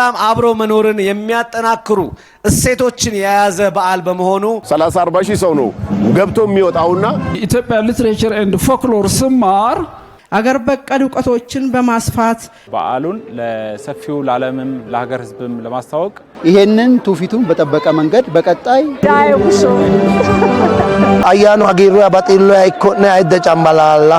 በሰላም አብሮ መኖርን የሚያጠናክሩ እሴቶችን የያዘ በዓል በመሆኑ 30 40 ሺህ ሰው ነው ገብቶ የሚወጣውና ኢትዮጵያ ሊትሬቸር ኤንድ ፎክሎር ስማር አገር በቀል እውቀቶችን በማስፋት በዓሉን ለሰፊው ለዓለምም ለሀገር ሕዝብም ለማስታወቅ ይሄንን ትውፊቱን በጠበቀ መንገድ በቀጣይ አያኑ አጊሮ አባጢሎ አይኮነ አይደጫማላላ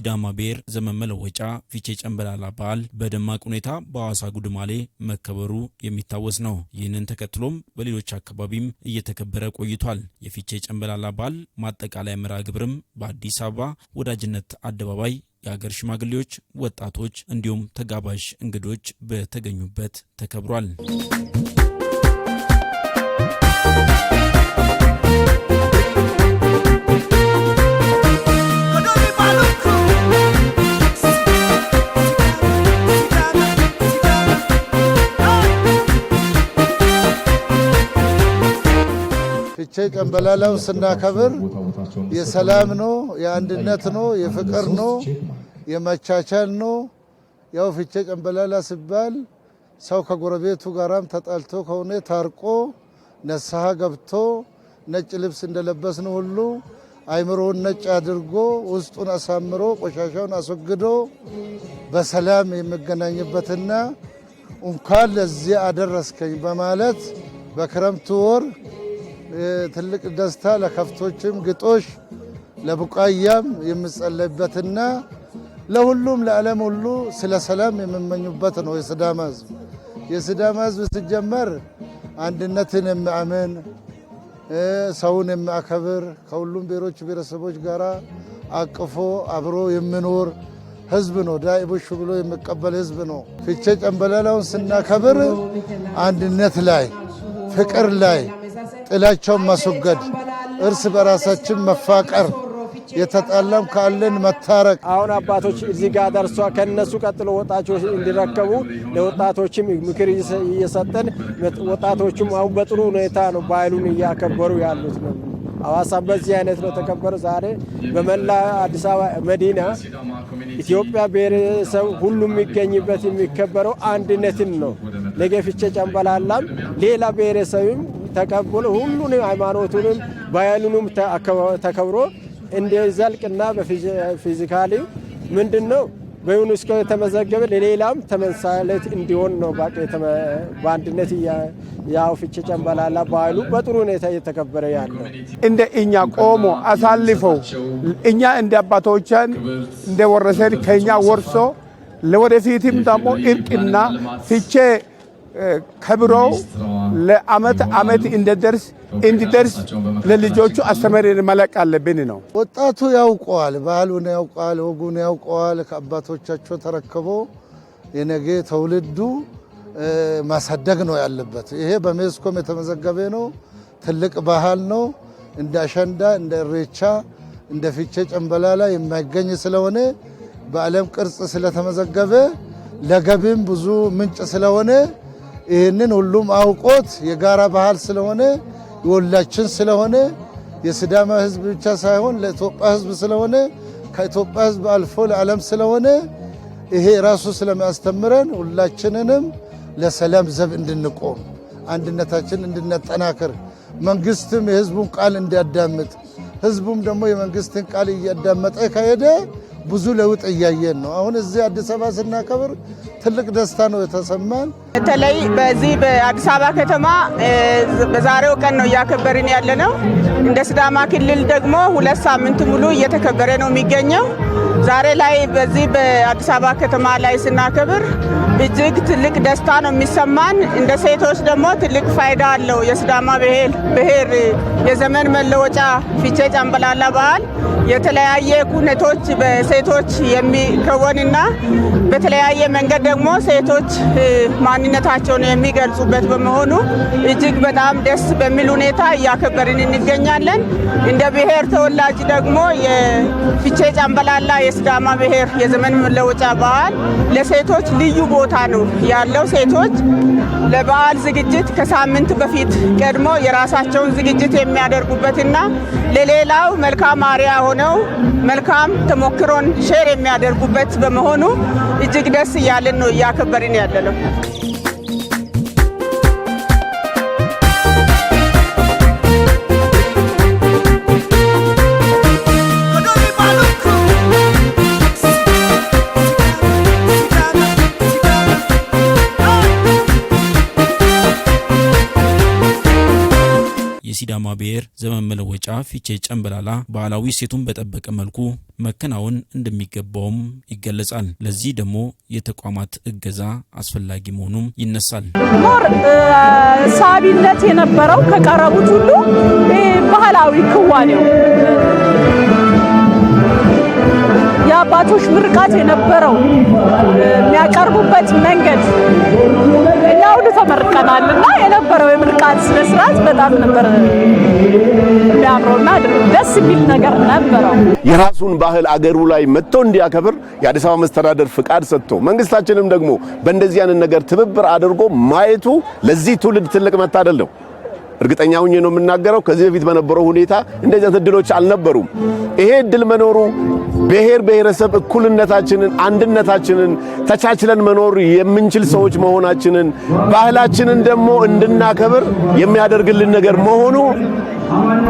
የሲዳማ ብሔር ዘመን መለወጫ ፊቼ ጨንበላላ በዓል በደማቅ ሁኔታ በአዋሳ ጉድማሌ መከበሩ የሚታወስ ነው። ይህንን ተከትሎም በሌሎች አካባቢም እየተከበረ ቆይቷል። የፊቼ ጨንበላላ በዓል ማጠቃለያ መርሃ ግብርም በአዲስ አበባ ወዳጅነት አደባባይ የሀገር ሽማግሌዎች፣ ወጣቶች እንዲሁም ተጋባዥ እንግዶች በተገኙበት ተከብሯል። ቀን በላላው ስናከብር የሰላም ነው፣ የአንድነት ነው፣ የፍቅር ነው፣ የመቻቻል ነው። ያው ፊቼ ቀን ሲባል ሰው ከጎረቤቱ ጋራም ተጣልቶ ከሆነ ታርቆ ነስሐ ገብቶ ነጭ ልብስ እንደለበስን ሁሉ አይምሮውን ነጭ አድርጎ ውስጡን አሳምሮ ቆሻሻውን አስወግዶ በሰላም የሚገናኝበትና እንኳን ለዚህ አደረስከኝ በማለት በክረምቱ ወር ትልቅ ደስታ ለከፍቶችም ግጦሽ ለቡቃያም የምጸለይበትና ለሁሉም ለዓለም ሁሉ ስለ ሰላም የምመኙበት ነው። የስዳማ ህዝብ የስዳማ ህዝብ ሲጀመር አንድነትን የሚያምን ሰውን የሚያከብር ከሁሉም ብሔሮች ብሔረሰቦች ጋር አቅፎ አብሮ የሚኖር ህዝብ ነው። ዳኢቦሽ ብሎ የሚቀበል ህዝብ ነው። ፍቼ ጨምበላላውን ስናከብር አንድነት ላይ ፍቅር ላይ ጥላቸውን ማስወገድ፣ እርስ በራሳችን መፋቀር፣ የተጣላም ካለን መታረቅ። አሁን አባቶች እዚህ ጋር ደርሷ ከነሱ ቀጥሎ ወጣቶች እንዲረከቡ ለወጣቶችም ምክር እየሰጠን ወጣቶቹም አሁን በጥሩ ሁኔታ ነው ባህሉን እያከበሩ ያሉት ነው። አዋሳ በዚህ አይነት ነው ተከበረ። ዛሬ በመላ አዲስ አበባ መዲና ኢትዮጵያ ብሔረሰብ ሁሉ የሚገኝበት የሚከበረው አንድነትን ነው። ነገ ፊቼ ጨምበላላም ሌላ ብሔረሰብም ተቀብሎ ሁሉን ሃይማኖቱንም ባህሉንም ተከብሮ እንዲዘልቅና በፊዚካሊ ምንድን ነው በዩኒስኮ የተመዘገበ ለሌላም ተመሳሌት እንዲሆን ነው። በአንድነት ያው ፊቼ ጨምበላላ ባህሉ በጥሩ ሁኔታ እየተከበረ ያለው እንደ እኛ ቆሞ አሳልፈው እኛ እንደ አባቶቻን እንደ ወረሰን ከእኛ ወርሶ ለወደፊትም ደግሞ እርቅና ፍቼ ከብረው ለአመት አመት እንደደርስ እንዲደርስ ለልጆቹ አስተምረን መለቅ አለብን ነው። ወጣቱ ያውቀዋል፣ ባህሉን ያውቀዋል፣ ወጉን ያውቀዋል። ከአባቶቻቸው ተረክቦ የነገ ትውልዱ ማሳደግ ነው ያለበት። ይሄ በሜስኮም የተመዘገበ ነው። ትልቅ ባህል ነው። እንደ አሸንዳ፣ እንደ እሬቻ፣ እንደ ፊቼ ጨምበላላ የማይገኝ ስለሆነ በዓለም ቅርጽ ስለተመዘገበ ለገቢም ብዙ ምንጭ ስለሆነ ይህንን ሁሉም አውቆት የጋራ ባህል ስለሆነ የወላችን ስለሆነ የስዳማ ህዝብ ብቻ ሳይሆን ለኢትዮጵያ ህዝብ ስለሆነ ከኢትዮጵያ ህዝብ አልፎ ለዓለም ስለሆነ ይሄ ራሱ ስለሚያስተምረን ሁላችንንም ለሰላም ዘብ እንድንቆም አንድነታችን እንድናጠናክር መንግስትም የህዝቡን ቃል እንዲያዳምጥ ህዝቡም ደግሞ የመንግስትን ቃል እያዳመጠ ከሄደ ብዙ ለውጥ እያየን ነው። አሁን እዚህ አዲስ አበባ ስናከብር ትልቅ ደስታ ነው የተሰማን። በተለይ በዚህ በአዲስ አበባ ከተማ በዛሬው ቀን ነው እያከበርን ያለ ነው። እንደ ስዳማ ክልል ደግሞ ሁለት ሳምንት ሙሉ እየተከበረ ነው የሚገኘው። ዛሬ ላይ በዚህ በአዲስ አበባ ከተማ ላይ ስናከብር እጅግ ትልቅ ደስታ ነው የሚሰማን። እንደ ሴቶች ደግሞ ትልቅ ፋይዳ አለው። የስዳማ ብሔር የዘመን መለወጫ ፊቼ ጫምበላላ በዓል የተለያየ ኩነቶች በሴቶች የሚከወንና በተለያየ መንገድ ደግሞ ሴቶች ማንነታቸውን የሚገልጹበት በመሆኑ እጅግ በጣም ደስ በሚል ሁኔታ እያከበርን እንገኛለን። እንደ ብሔር ተወላጅ ደግሞ የፊቼ ጫምበላላ የስዳማ ብሔር የዘመን መለወጫ በዓል ለሴቶች ልዩ ቦታ ነው ያለው። ሴቶች ለበዓል ዝግጅት ከሳምንት በፊት ቀድሞ የራሳቸውን ዝግጅት የሚያደርጉበትና ለሌላው መልካም አርአያ ሆነው መልካም ተሞክሮን ሼር የሚያደርጉበት በመሆኑ እጅግ ደስ እያለን ነው እያከበርን ያለነው። የሲዳማ ብሔር ዘመን መለወጫ ፊቼ ጨንበላላ ባህላዊ ሴቱን በጠበቀ መልኩ መከናወን እንደሚገባውም ይገለጻል። ለዚህ ደግሞ የተቋማት እገዛ አስፈላጊ መሆኑም ይነሳል። ሞር ሳቢነት የነበረው ከቀረቡት ሁሉ ባህላዊ ክዋኔው የአባቶች ምርቃት የነበረው የሚያቀርቡበት መንገድ እኛ ሁሉ ተመርቀናል እና የነበረው የምርቃት ስነስርዓት በጣም ነበር የሚያምረውና ደስ የሚል ነገር ነበረው። የራሱን ባህል አገሩ ላይ መጥቶ እንዲያከብር የአዲስ አበባ መስተዳደር ፍቃድ ሰጥቶ መንግስታችንም ደግሞ በእንደዚህ አይነት ነገር ትብብር አድርጎ ማየቱ ለዚህ ትውልድ ትልቅ መታደል ነው። እርግጠኛ ሁኜ ነው የምናገረው። ከዚህ በፊት በነበረው ሁኔታ እንደዚህ አይነት እድሎች አልነበሩም። ይሄ እድል መኖሩ ብሔር ብሔረሰብ እኩልነታችንን፣ አንድነታችንን ተቻችለን መኖር የምንችል ሰዎች መሆናችንን ባህላችንን ደግሞ እንድናከብር የሚያደርግልን ነገር መሆኑ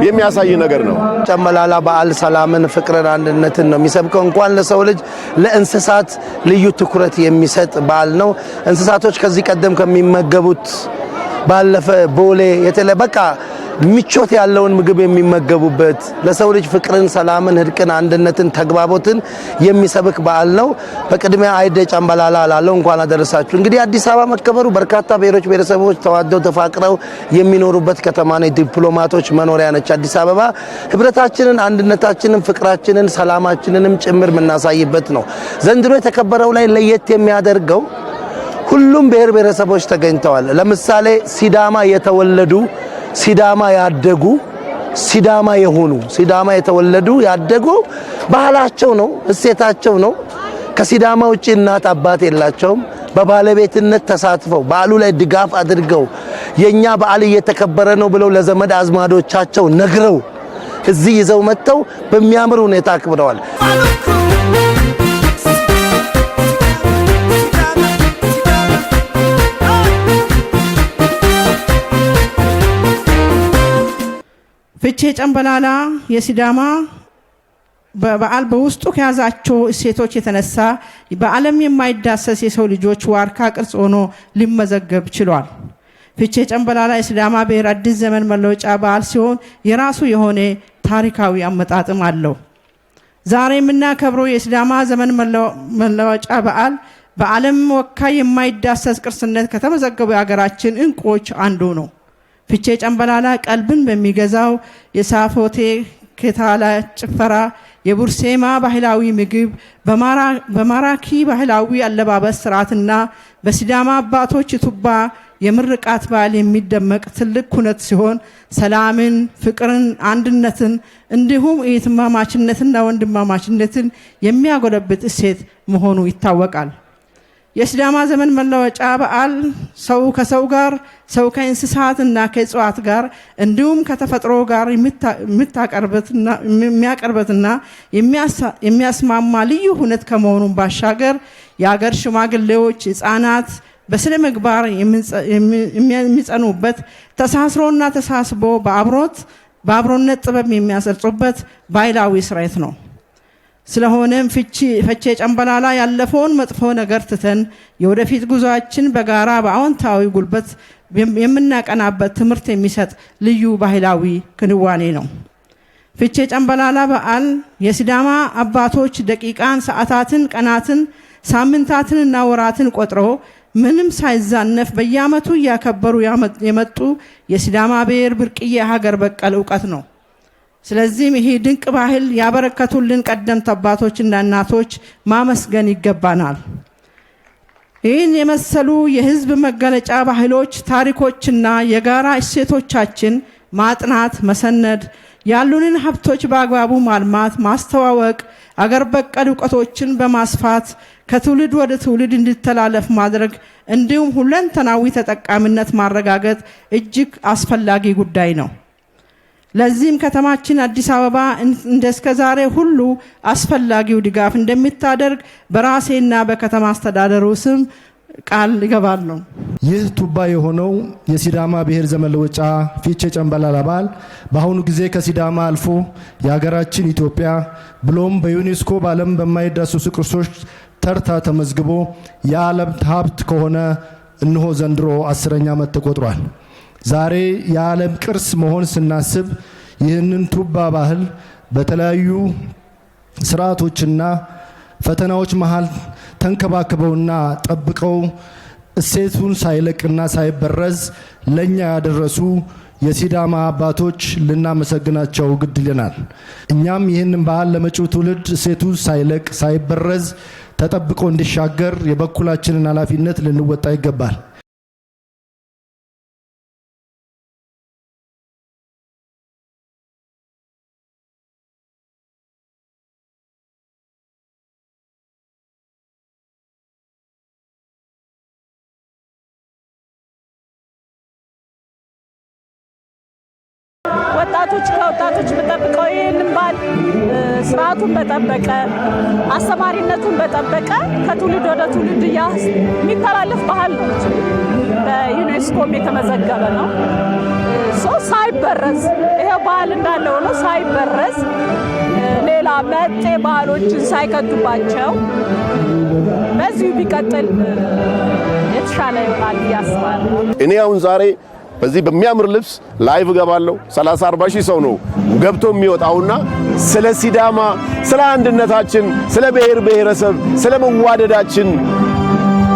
የሚያሳይ ነገር ነው። ጨመላላ በዓል ሰላምን፣ ፍቅርን፣ አንድነትን ነው የሚሰብከው። እንኳን ለሰው ልጅ ለእንስሳት ልዩ ትኩረት የሚሰጥ በዓል ነው። እንስሳቶች ከዚህ ቀደም ከሚመገቡት ባለፈ ቦሌ የተለ በቃ ምቾት ያለውን ምግብ የሚመገቡበት ለሰው ልጅ ፍቅርን፣ ሰላምን፣ እርቅን፣ አንድነትን፣ ተግባቦትን የሚሰብክ በዓል ነው። በቅድሚያ አይደ ጫምባላላ ላለው እንኳን አደረሳችሁ። እንግዲህ አዲስ አበባ መከበሩ በርካታ ብሔሮች፣ ብሔረሰቦች ተዋደው ተፋቅረው የሚኖሩበት ከተማ ነው። ዲፕሎማቶች መኖሪያ ነች አዲስ አበባ። ህብረታችንን፣ አንድነታችንን፣ ፍቅራችንን፣ ሰላማችንንም ጭምር የምናሳይበት ነው። ዘንድሮ የተከበረው ላይ ለየት የሚያደርገው ሁሉም ብሔር ብሔረሰቦች ተገኝተዋል። ለምሳሌ ሲዳማ የተወለዱ ሲዳማ ያደጉ ሲዳማ የሆኑ ሲዳማ የተወለዱ ያደጉ ባህላቸው ነው፣ እሴታቸው ነው። ከሲዳማ ውጭ እናት አባት የላቸውም። በባለቤትነት ተሳትፈው በዓሉ ላይ ድጋፍ አድርገው የኛ በዓል እየተከበረ ነው ብለው ለዘመድ አዝማዶቻቸው ነግረው እዚህ ይዘው መጥተው በሚያምር ሁኔታ አክብረዋል። ፍቼ ጨምበላላ የሲዳማ በዓል በውስጡ ከያዛቸው እሴቶች የተነሳ በዓለም የማይዳሰስ የሰው ልጆች ዋርካ ቅርጽ ሆኖ ሊመዘገብ ችሏል። ፍቼ ጨምበላላ የሲዳማ ብሔር አዲስ ዘመን መለወጫ በዓል ሲሆን የራሱ የሆነ ታሪካዊ አመጣጥም አለው። ዛሬ የምናከብረው የሲዳማ ዘመን መለወጫ በዓል በዓለም ወካይ የማይዳሰስ ቅርስነት ከተመዘገቡ የሀገራችን እንቁዎች አንዱ ነው። ፍቼ ጨምበላላ ቀልብን በሚገዛው የሳፎቴ ከታላ ጭፈራ የቡርሴማ ባህላዊ ምግብ በማራኪ ባህላዊ አለባበስ ስርዓትና በሲዳማ አባቶች ቱባ የምርቃት በዓል የሚደመቅ ትልቅ ኩነት ሲሆን ሰላምን፣ ፍቅርን፣ አንድነትን እንዲሁም እህትማማችነትና ወንድማማችነትን የሚያጎለብት እሴት መሆኑ ይታወቃል። የሲዳማ ዘመን መለወጫ በዓል ሰው ከሰው ጋር፣ ሰው ከእንስሳት እና ከእጽዋት ጋር እንዲሁም ከተፈጥሮ ጋር የሚያቀርበትና የሚያስማማ ልዩ ሁነት ከመሆኑን ባሻገር የአገር ሽማግሌዎች፣ ህፃናት በስነ ምግባር የሚጸኑበት ተሳስሮና ተሳስቦ በአብሮነት ጥበብ የሚያሰርጹበት ባህላዊ ስርዓት ነው። ስለሆነም ፍቺ ፈቼ ጨምበላላ ያለፈውን መጥፎ ነገር ትተን የወደፊት ጉዞአችን በጋራ በአዎንታዊ ጉልበት የምናቀናበት ትምህርት የሚሰጥ ልዩ ባህላዊ ክንዋኔ ነው። ፍቼ ጨምበላላ በዓል የሲዳማ አባቶች ደቂቃን፣ ሰዓታትን፣ ቀናትን፣ ሳምንታትንና ወራትን ቆጥሮ ምንም ሳይዛነፍ በየዓመቱ እያከበሩ የመጡ የሲዳማ ብሔር ብርቅዬ ሀገር በቀል እውቀት ነው። ስለዚህም ይህ ድንቅ ባህል ያበረከቱልን ቀደምት አባቶችና እናቶች ማመስገን ይገባናል። ይህን የመሰሉ የህዝብ መገለጫ ባህሎች፣ ታሪኮችና የጋራ እሴቶቻችን ማጥናት፣ መሰነድ፣ ያሉንን ሀብቶች በአግባቡ ማልማት፣ ማስተዋወቅ፣ አገር በቀል እውቀቶችን በማስፋት ከትውልድ ወደ ትውልድ እንዲተላለፍ ማድረግ እንዲሁም ሁለንተናዊ ተጠቃሚነት ማረጋገጥ እጅግ አስፈላጊ ጉዳይ ነው። ለዚህም ከተማችን አዲስ አበባ እንደ ዛሬ ሁሉ አስፈላጊው ድጋፍ እንደሚታደርግ በራሴና በከተማ አስተዳደሩ ስም ቃል እገባለሁ። ይህ ቱባ የሆነው የሲዳማ ብሔር ዘመን ለውጫ ፊቼ ጨንበላላ በዓል በአሁኑ ጊዜ ከሲዳማ አልፎ የሀገራችን ኢትዮጵያ ብሎም በዩኔስኮ በዓለም በማይዳሰሱ ቅርሶች ተርታ ተመዝግቦ የዓለም ሀብት ከሆነ እንሆ ዘንድሮ አስረኛ ዓመት ተቆጥሯል። ዛሬ የዓለም ቅርስ መሆን ስናስብ ይህንን ቱባ ባህል በተለያዩ ስርዓቶችና ፈተናዎች መሃል ተንከባክበውና ጠብቀው እሴቱን ሳይለቅና ሳይበረዝ ለእኛ ያደረሱ የሲዳማ አባቶች ልናመሰግናቸው ግድ ይለናል። እኛም ይህንን ባህል ለመጪው ትውልድ እሴቱ ሳይለቅ ሳይበረዝ ተጠብቆ እንዲሻገር የበኩላችንን ኃላፊነት ልንወጣ ይገባል። ወጣቶች ከወጣቶች የምጠብቀው ይህንን ባህል ስርዓቱን በጠበቀ አስተማሪነቱን በጠበቀ ከትውልድ ወደ ትውልድ እያ የሚተላለፍ ባህል ነው። በዩኔስኮም የተመዘገበ ነው። ሶ ሳይበረዝ ይሄው ባህል እንዳለ ሆኖ ሳይበረዝ ሌላ መጤ ባህሎችን ሳይከቱባቸው በዚሁ ቢቀጥል የተሻለ ይሆናል እያስባል እኔ አሁን ዛሬ በዚህ በሚያምር ልብስ ላይቭ እገባለሁ። 30 40 ሺህ ሰው ነው ገብቶ የሚወጣውና ስለ ሲዳማ፣ ስለ አንድነታችን፣ ስለ ብሔር ብሔረሰብ፣ ስለ መዋደዳችን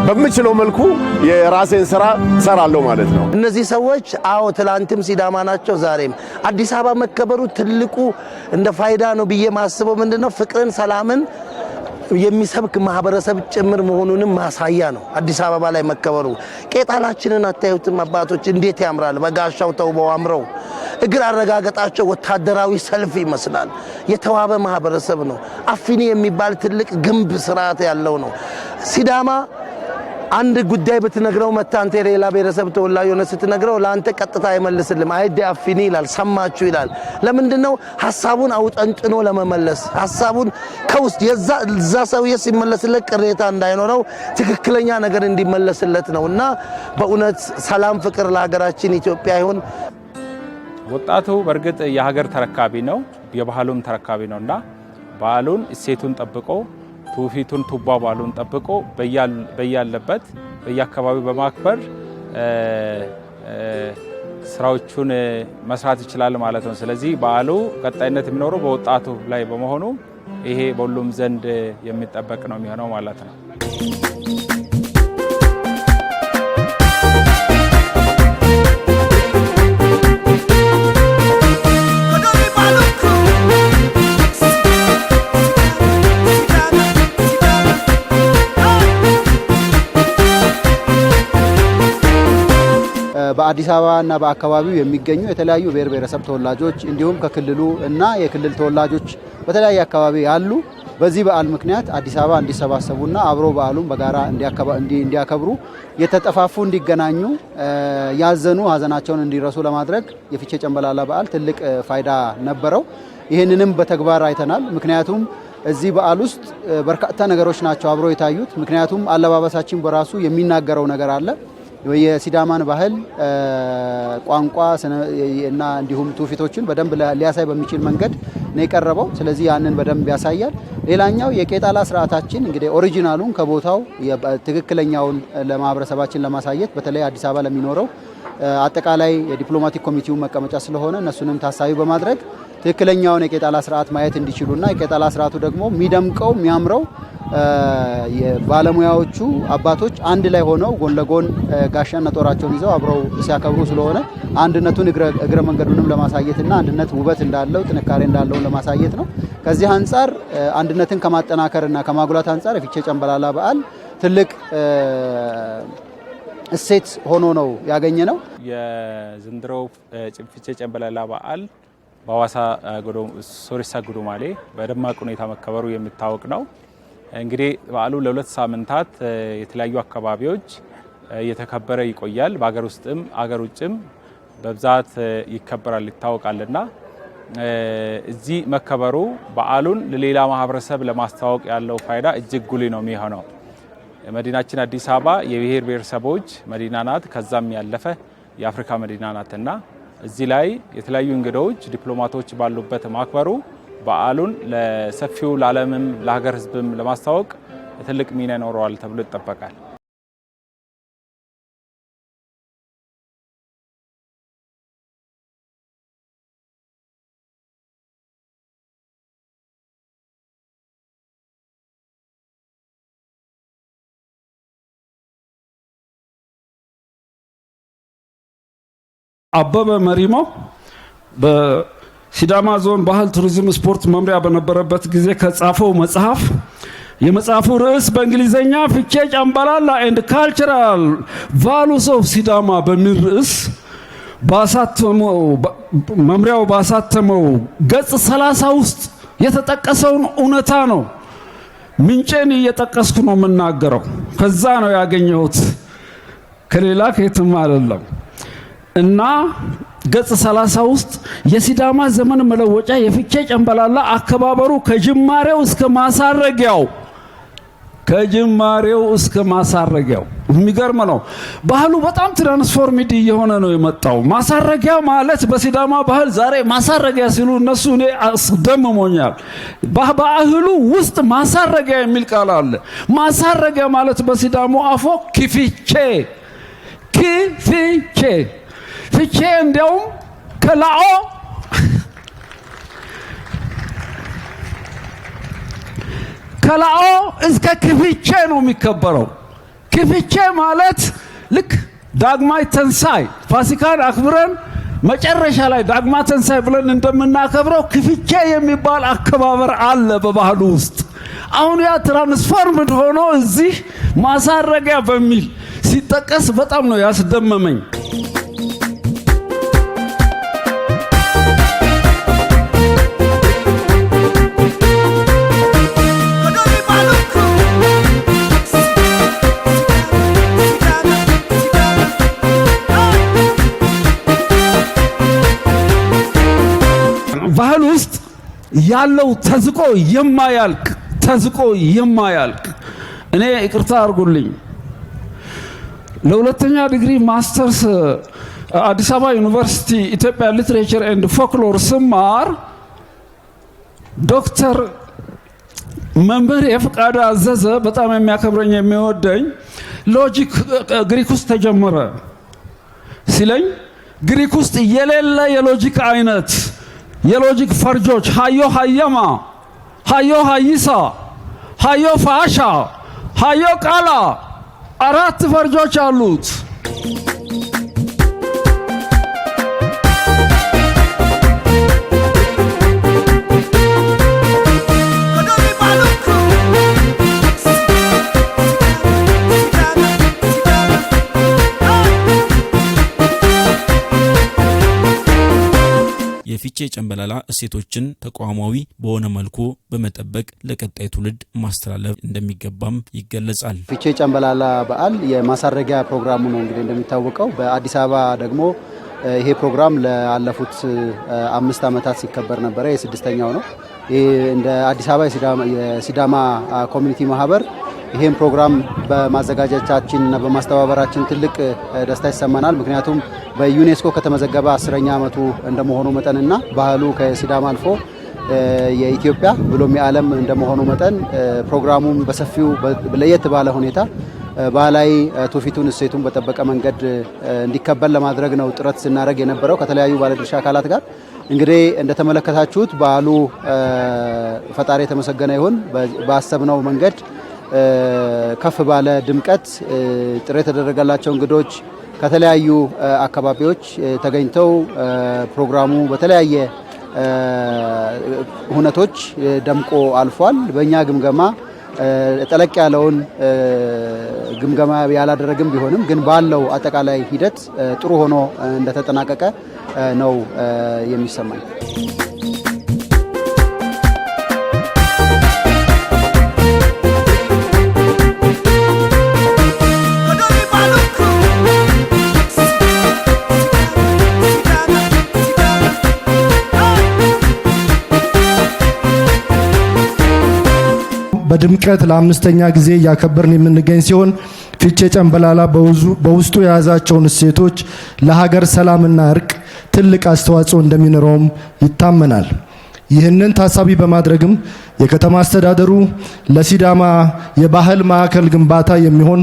በምችለው መልኩ የራሴን ስራ ሰራለሁ ማለት ነው። እነዚህ ሰዎች አዎ ትላንትም ሲዳማ ናቸው፣ ዛሬም አዲስ አበባ መከበሩ ትልቁ እንደ ፋይዳ ነው ብዬ ማስበው ምንድነው ፍቅርን፣ ሰላምን የሚሰብክ ማህበረሰብ ጭምር መሆኑንም ማሳያ ነው። አዲስ አበባ ላይ መከበሩ ቄጣላችንን አታዩትም? አባቶች እንዴት ያምራል! በጋሻው ተውበው አምረው እግር አረጋገጣቸው ወታደራዊ ሰልፍ ይመስላል። የተዋበ ማህበረሰብ ነው። አፊኒ የሚባል ትልቅ ግንብ ስርዓት ያለው ነው ሲዳማ አንድ ጉዳይ ብትነግረው መታ አንተ የሌላ ብሔረሰብ ተወላጅ ስትነግረው ለአንተ ቀጥታ አይመልስልም። አይዲ አፊኒ ይላል፣ ሰማችሁ ይላል። ለምንድን ነው ሀሳቡን አውጠንጥኖ ለመመለስ ሀሳቡን ከውስጥ የዛ እዛ ሰውዬ ሲመለስለት ቅሬታ እንዳይኖረው ትክክለኛ ነገር እንዲመለስለት ነው። እና በእውነት ሰላም፣ ፍቅር ለሀገራችን ኢትዮጵያ ይሁን። ወጣቱ በእርግጥ የሀገር ተረካቢ ነው፣ የባህሉም ተረካቢ ነውና ባህሉን እሴቱን ጠብቆ ትውፊቱን ቱባ ባሉን ጠብቆ በያለበት በየአካባቢው በማክበር ስራዎቹን መስራት ይችላል ማለት ነው። ስለዚህ በዓሉ ቀጣይነት የሚኖረው በወጣቱ ላይ በመሆኑ ይሄ በሁሉም ዘንድ የሚጠበቅ ነው የሚሆነው ማለት ነው። በአዲስ አበባ እና በአካባቢው የሚገኙ የተለያዩ ብሔር ብሔረሰብ ተወላጆች እንዲሁም ከክልሉ እና የክልል ተወላጆች በተለያየ አካባቢ ያሉ በዚህ በዓል ምክንያት አዲስ አበባ እንዲሰባሰቡና አብሮ በዓሉን በጋራ እንዲያከብሩ የተጠፋፉ እንዲገናኙ ያዘኑ ሀዘናቸውን እንዲረሱ ለማድረግ የፊቼ ጨንበላላ በዓል ትልቅ ፋይዳ ነበረው። ይህንንም በተግባር አይተናል። ምክንያቱም እዚህ በዓል ውስጥ በርካታ ነገሮች ናቸው አብሮ የታዩት። ምክንያቱም አለባበሳችን በራሱ የሚናገረው ነገር አለ። የሲዳማን ባህል ቋንቋ እና እንዲሁም ትውፊቶችን በደንብ ሊያሳይ በሚችል መንገድ ነው የቀረበው። ስለዚህ ያንን በደንብ ያሳያል። ሌላኛው የቄጣላ ስርዓታችን እንግዲህ ኦሪጂናሉን ከቦታው ትክክለኛውን ለማህበረሰባችን ለማሳየት በተለይ አዲስ አበባ ለሚኖረው አጠቃላይ የዲፕሎማቲክ ኮሚቴው መቀመጫ ስለሆነ እነሱንም ታሳቢ በማድረግ ትክክለኛውን የቄጠላ ስርዓት ማየት እንዲችሉና የቄጠላ ስርዓቱ ደግሞ የሚደምቀው የሚያምረው ባለሙያዎቹ አባቶች አንድ ላይ ሆነው ጎን ለጎን ጋሻና ጦራቸውን ይዘው አብረው ሲያከብሩ ስለሆነ አንድነቱን እግረ መንገዱንም ለማሳየትና አንድነት ውበት እንዳለው ጥንካሬ እንዳለው ለማሳየት ነው። ከዚህ አንጻር አንድነትን ከማጠናከርና ከማጉላት አንጻር የፊቼ ጨንበላላ በዓል ትልቅ እሴት ሆኖ ነው ያገኘ ነው። የዘንድሮው ፊቼ ጨንበላላ በዓል በአዋሳ ሶሬሳ ጉዱማሌ በደማቅ ሁኔታ መከበሩ የሚታወቅ ነው። እንግዲህ በዓሉ ለሁለት ሳምንታት የተለያዩ አካባቢዎች እየተከበረ ይቆያል። በሀገር ውስጥም አገር ውጭም በብዛት ይከበራል ይታወቃልና እዚህ መከበሩ በዓሉን ለሌላ ማህበረሰብ ለማስተዋወቅ ያለው ፋይዳ እጅግ ጉልህ ነው የሚሆነው። መዲናችን አዲስ አበባ የብሔር ብሔረሰቦች መዲና ናት። ከዛም ያለፈ የአፍሪካ መዲና ናትና እዚህ ላይ የተለያዩ እንግዶች፣ ዲፕሎማቶች ባሉበት ማክበሩ በዓሉን ለሰፊው ለዓለምም ለሀገር ህዝብም ለማስታወቅ ትልቅ ሚና ይኖረዋል ተብሎ ይጠበቃል። አበበ መሪሞ በሲዳማ ዞን ባህል ቱሪዝም ስፖርት መምሪያ በነበረበት ጊዜ ከጻፈው መጽሐፍ የመጽሐፉ ርዕስ በእንግሊዝኛ ፍቼ ጫምባላላ ኤንድ ካልቸራል ቫሉስ ኦፍ ሲዳማ በሚል ርዕስ ባሳተመው መምሪያው ባሳተመው ገጽ ሰላሳ ውስጥ የተጠቀሰውን እውነታ ነው። ምንጭን እየጠቀስኩ ነው የምናገረው። ከዛ ነው ያገኘሁት፣ ከሌላ ከየትም አይደለም። እና ገጽ 30 ውስጥ የሲዳማ ዘመን መለወጫ የፍቼ ጨምበላላ አከባበሩ ከጅማሬው እስከ ማሳረጊያው ከጅማሬው እስከ ማሳረጊያው የሚገርም ነው። ባህሉ በጣም ትራንስፎርሚድ እየሆነ ነው የመጣው። ማሳረጊያ ማለት በሲዳማ ባህል ዛሬ ማሳረጊያ ሲሉ እነሱ እኔ አስደምሞኛል። ባህሉ ውስጥ ማሳረጊያ የሚል ቃል አለ። ማሳረጊያ ማለት በሲዳሞ አፎ ክፍቼ ክፍቼ ትቼ እንዲያውም ከላኦ ከላኦ እስከ ክፍቼ ነው የሚከበረው። ክፍቼ ማለት ልክ ዳግማይ ተንሳይ ፋሲካን አክብረን መጨረሻ ላይ ዳግማ ተንሳይ ብለን እንደምናከብረው ክፍቼ የሚባል አከባበር አለ በባህሉ ውስጥ። አሁን ያ ትራንስፎርምድ ሆኖ እዚህ ማሳረጊያ በሚል ሲጠቀስ በጣም ነው ያስደመመኝ። ያለው ተዝቆ የማያልቅ ተዝቆ የማያልቅ እኔ ይቅርታ አድርጉልኝ ለሁለተኛ ዲግሪ ማስተርስ አዲስ አበባ ዩኒቨርሲቲ ኢትዮጵያ ሊትሬቸር ኤንድ ፎክሎር ስማር ዶክተር መምህር የፍቃድ አዘዘ በጣም የሚያከብረኝ የሚወደኝ ሎጂክ ግሪክ ውስጥ ተጀመረ ሲለኝ ግሪክ ውስጥ የሌለ የሎጂክ አይነት የሎጂክ ፈርጆች ሃዮ ሃየማ ሃዮ ሃይሳ ሃዮ ፋሻ ሃዮ ቃላ አራት ፈርጆች አሉት። ፍቼ ጨንበላላ እሴቶችን ተቋማዊ በሆነ መልኩ በመጠበቅ ለቀጣይ ትውልድ ማስተላለፍ እንደሚገባም ይገለጻል። ፍቼ ጨንበላላ በዓል የማሳረጊያ ፕሮግራሙ ነው። እንግዲህ እንደሚታወቀው በአዲስ አበባ ደግሞ ይሄ ፕሮግራም ለአለፉት አምስት ዓመታት ሲከበር ነበረ። የስድስተኛው ነው። እንደ አዲስ አበባ የሲዳማ ኮሚኒቲ ማህበር ይህም ፕሮግራም በማዘጋጀታችንና በማስተባበራችን ትልቅ ደስታ ይሰማናል። ምክንያቱም በዩኔስኮ ከተመዘገበ አስረኛ ዓመቱ እንደመሆኑ መጠንና ባህሉ ከሲዳማ አልፎ የኢትዮጵያ ብሎም የዓለም እንደመሆኑ መጠን ፕሮግራሙም በሰፊው ለየት ባለ ሁኔታ ባህላዊ ትውፊቱን እሴቱን በጠበቀ መንገድ እንዲከበል ለማድረግ ነው ጥረት ስናደርግ የነበረው ከተለያዩ ባለድርሻ አካላት ጋር። እንግዲህ እንደተመለከታችሁት በዓሉ ፈጣሪ የተመሰገነ ይሁን በአሰብነው መንገድ ከፍ ባለ ድምቀት ጥሪ የተደረገላቸው እንግዶች ከተለያዩ አካባቢዎች ተገኝተው ፕሮግራሙ በተለያየ ሁነቶች ደምቆ አልፏል። በእኛ ግምገማ ጠለቅ ያለውን ግምገማ ያላደረግም ቢሆንም ግን ባለው አጠቃላይ ሂደት ጥሩ ሆኖ እንደተጠናቀቀ ነው የሚሰማኝ። ድምቀት ለአምስተኛ ጊዜ እያከበርን የምንገኝ ሲሆን ፊቼ ጨንበላላ በውስጡ የያዛቸውን እሴቶች ለሀገር ሰላምና እርቅ ትልቅ አስተዋጽኦ እንደሚኖረውም ይታመናል። ይህንን ታሳቢ በማድረግም የከተማ አስተዳደሩ ለሲዳማ የባህል ማዕከል ግንባታ የሚሆን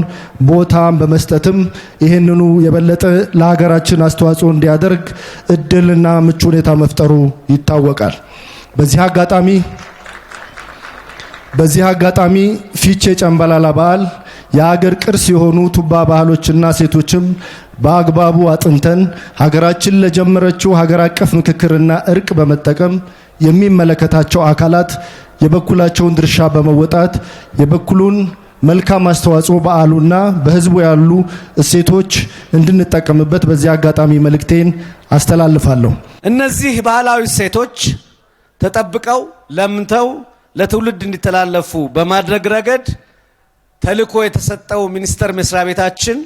ቦታን በመስጠትም ይህንኑ የበለጠ ለሀገራችን አስተዋጽኦ እንዲያደርግ እድልና ምቹ ሁኔታ መፍጠሩ ይታወቃል። በዚህ አጋጣሚ በዚህ አጋጣሚ ፊቼ ጨምባላላ በዓል የሀገር ቅርስ የሆኑ ቱባ ባህሎችና ሴቶችም በአግባቡ አጥንተን ሀገራችን ለጀመረችው ሀገር አቀፍ ምክክርና እርቅ በመጠቀም የሚመለከታቸው አካላት የበኩላቸውን ድርሻ በመወጣት የበኩሉን መልካም አስተዋጽኦ በዓሉና በሕዝቡ ያሉ እሴቶች እንድንጠቀምበት በዚህ አጋጣሚ መልእክቴን አስተላልፋለሁ። እነዚህ ባህላዊ እሴቶች ተጠብቀው ለምተው ለትውልድ እንዲተላለፉ በማድረግ ረገድ ተልዕኮ የተሰጠው ሚኒስቴር መስሪያ ቤታችን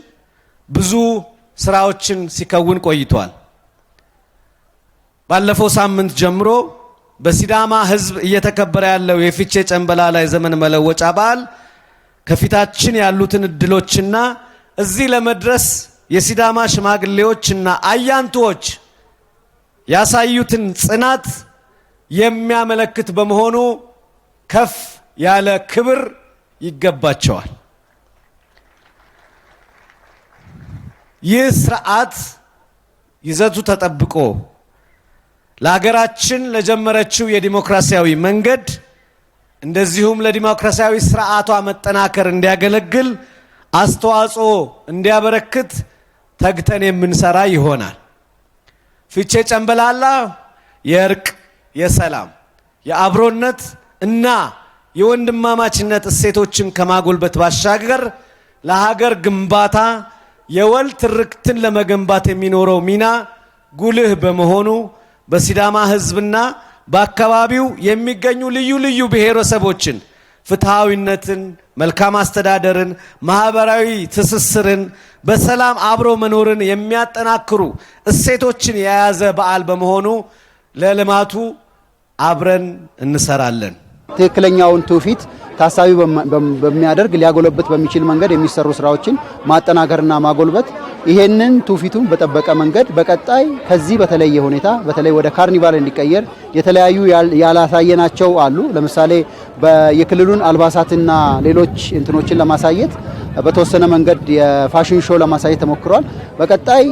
ብዙ ስራዎችን ሲከውን ቆይቷል። ባለፈው ሳምንት ጀምሮ በሲዳማ ሕዝብ እየተከበረ ያለው የፊቼ ላይ ዘመን መለወጫ በዓል ከፊታችን ያሉትን እድሎችና እዚህ ለመድረስ የሲዳማ ሽማግሌዎችና አያንቱዎች ያሳዩትን ጽናት የሚያመለክት በመሆኑ ከፍ ያለ ክብር ይገባቸዋል። ይህ ስርዓት ይዘቱ ተጠብቆ ለሀገራችን ለጀመረችው የዲሞክራሲያዊ መንገድ እንደዚሁም ለዲሞክራሲያዊ ስርዓቷ መጠናከር እንዲያገለግል አስተዋጽኦ እንዲያበረክት ተግተን የምንሰራ ይሆናል። ፍቼ ጨንበላላ የእርቅ፣ የሰላም፣ የአብሮነት እና የወንድማማችነት እሴቶችን ከማጎልበት ባሻገር ለሀገር ግንባታ የወል ትርክትን ለመገንባት የሚኖረው ሚና ጉልህ በመሆኑ በሲዳማ ሕዝብና በአካባቢው የሚገኙ ልዩ ልዩ ብሔረሰቦችን ፍትሐዊነትን፣ መልካም አስተዳደርን፣ ማህበራዊ ትስስርን፣ በሰላም አብሮ መኖርን የሚያጠናክሩ እሴቶችን የያዘ በዓል በመሆኑ ለልማቱ አብረን እንሰራለን። ትክክለኛውን ትውፊት ታሳቢ በሚያደርግ ሊያጎለበት በሚችል መንገድ የሚሰሩ ስራዎችን ማጠናከርና ማጎልበት ይሄንን ትውፊቱን በጠበቀ መንገድ በቀጣይ ከዚህ በተለየ ሁኔታ በተለይ ወደ ካርኒቫል እንዲቀየር የተለያዩ ያላሳየናቸው አሉ። ለምሳሌ የክልሉን አልባሳትና ሌሎች እንትኖችን ለማሳየት በተወሰነ መንገድ የፋሽን ሾው ለማሳየት ተሞክሯል። በቀጣይ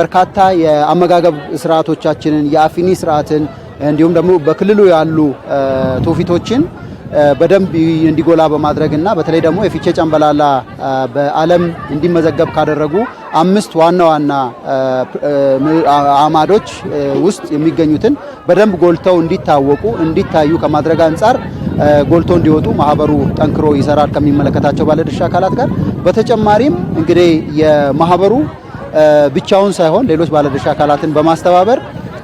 በርካታ የአመጋገብ ስርዓቶቻችንን የአፊኒ ስርዓትን እንዲሁም ደግሞ በክልሉ ያሉ ትውፊቶችን በደንብ እንዲጎላ በማድረግ እና በተለይ ደግሞ የፊቼ ጨንበላላ በዓለም እንዲመዘገብ ካደረጉ አምስት ዋና ዋና አማዶች ውስጥ የሚገኙትን በደንብ ጎልተው እንዲታወቁ እንዲታዩ ከማድረግ አንጻር ጎልቶ እንዲወጡ ማህበሩ ጠንክሮ ይሰራል ከሚመለከታቸው ባለድርሻ አካላት ጋር። በተጨማሪም እንግዲህ የማህበሩ ብቻውን ሳይሆን ሌሎች ባለድርሻ አካላትን በማስተባበር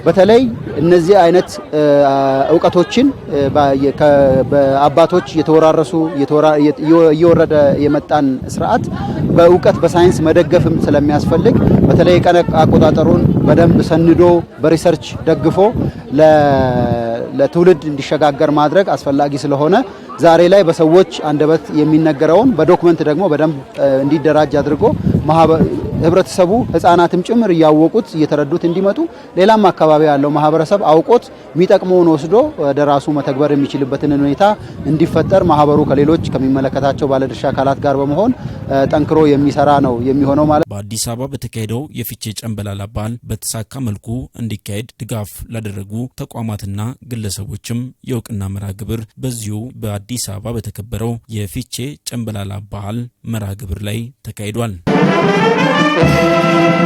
በተለይ እነዚህ አይነት እውቀቶችን በአባቶች እየተወራረሱ እየወረደ የመጣን ስርዓት በእውቀት በሳይንስ መደገፍም ስለሚያስፈልግ በተለይ ቀን አቆጣጠሩን በደንብ ሰንዶ በሪሰርች ደግፎ ለትውልድ እንዲሸጋገር ማድረግ አስፈላጊ ስለሆነ ዛሬ ላይ በሰዎች አንደበት የሚነገረውን በዶክመንት ደግሞ በደንብ እንዲደራጅ አድርጎ ህብረተሰቡ ህጻናትም ጭምር እያወቁት እየተረዱት እንዲመጡ ሌላም አካባቢ ያለው ማህበረሰብ አውቆት የሚጠቅመውን ወስዶ ወደ ራሱ መተግበር የሚችልበትን ሁኔታ እንዲፈጠር ማህበሩ ከሌሎች ከሚመለከታቸው ባለድርሻ አካላት ጋር በመሆን ጠንክሮ የሚሰራ ነው የሚሆነው ማለት። በአዲስ አበባ በተካሄደው የፍቼ ጨንበላላ በዓል በተሳካ መልኩ እንዲካሄድ ድጋፍ ላደረጉ ተቋማትና ግለሰቦችም የእውቅና መርሃ ግብር በዚሁ በአዲስ አበባ በተከበረው የፍቼ ጨንበላላ በዓል መርሃ ግብር ላይ ተካሂዷል። Thank you.